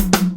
thank you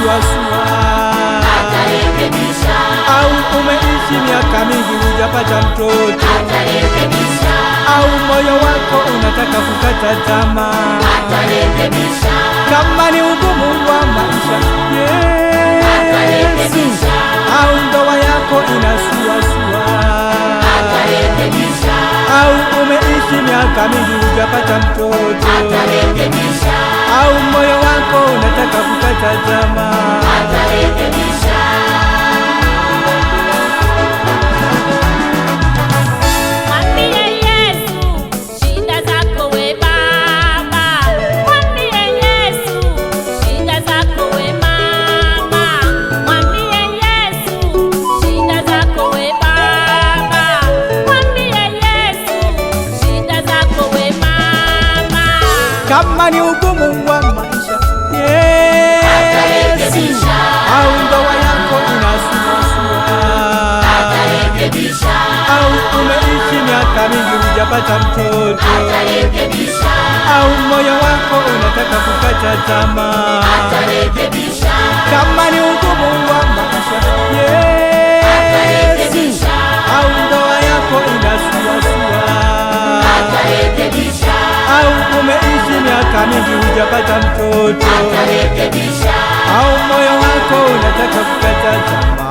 uliwasua au umeishi miaka mingi hujapata mtoto au moyo wako unataka kukata tamaa, kama ni ugumu wa maisha Yesu, au ndoa yako inasuasua, au umeishi miaka mingi hujapata mtoto atarekebisha au moyo wako unataka kukata tamaa, atarekebisha kupata mtoto au moyo wako unataka kukata tamaa, kama ni ugumu wa maisha Yesu, au ndoa yako inasuasua, au umeishi miaka mingi hujapata mtoto, au moyo wako unataka kukata tamaa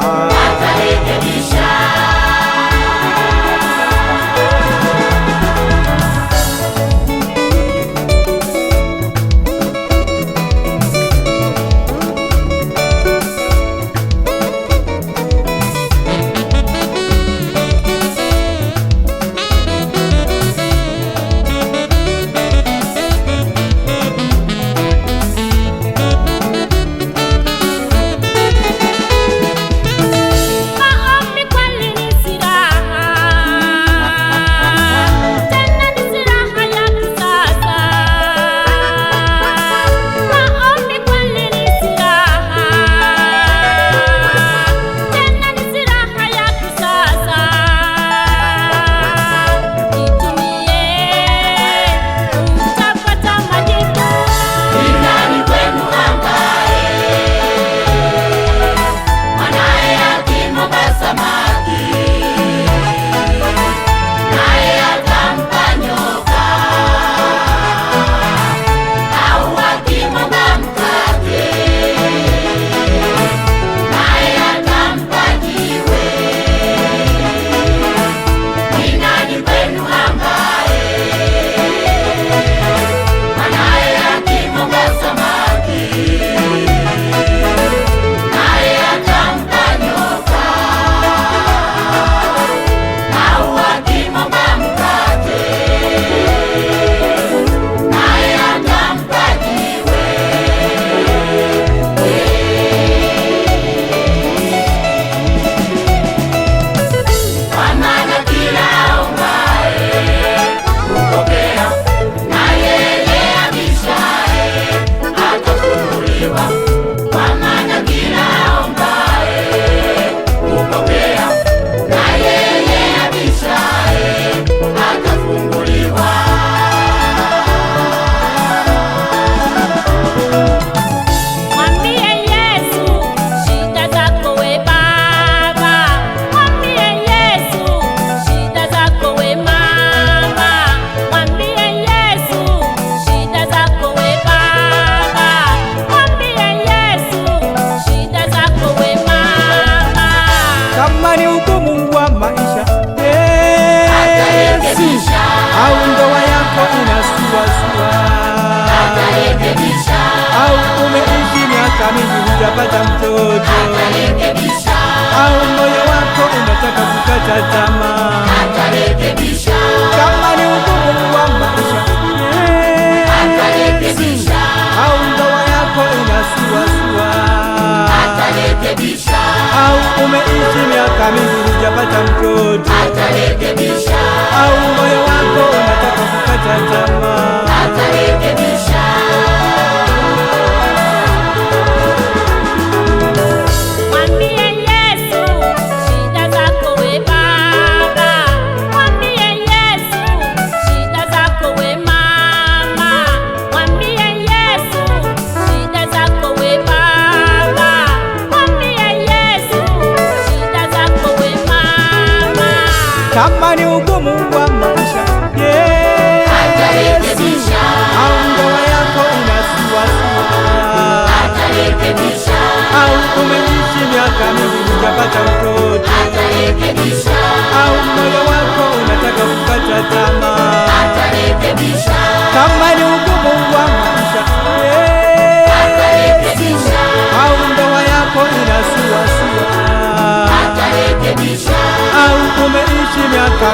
hujapata mtoto au moyo wako unataka kukata tamaa, kama ni ugumu wa maisha au ndoa yako inasuasua au umeishi miaka mingi hujapata mtoto au moyo wako unataka kukata tamaa 牛过目。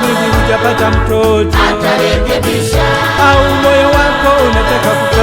hivi hujapata mtoto au moyo wako unataka